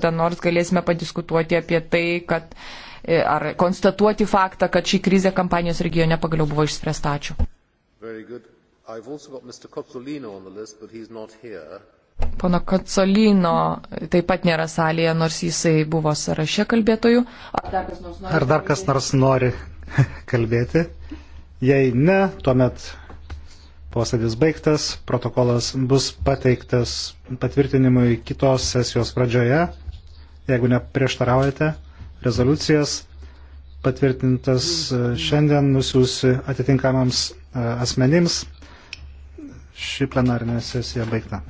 kada nors galėsime padiskutuoti apie tai, kad e, ar konstatuoti faktą, kad ši krizė kampanijos regione pagaliau buvo išspręsta. Ačiū. Pono Kacolino taip pat nėra salėje, nors jisai buvo sąraše kalbėtojų. Ar dar kas nors nori, ar dar kas nors nori kalbėti? Jei ne, tuomet posėdis baigtas, protokolas bus pateiktas patvirtinimui kitos sesijos pradžioje jeigu neprieštaraujate, rezoliucijas patvirtintas e, šiandien nusiųsi atitinkamams e, asmenims. Ši plenarinė sesija baigta.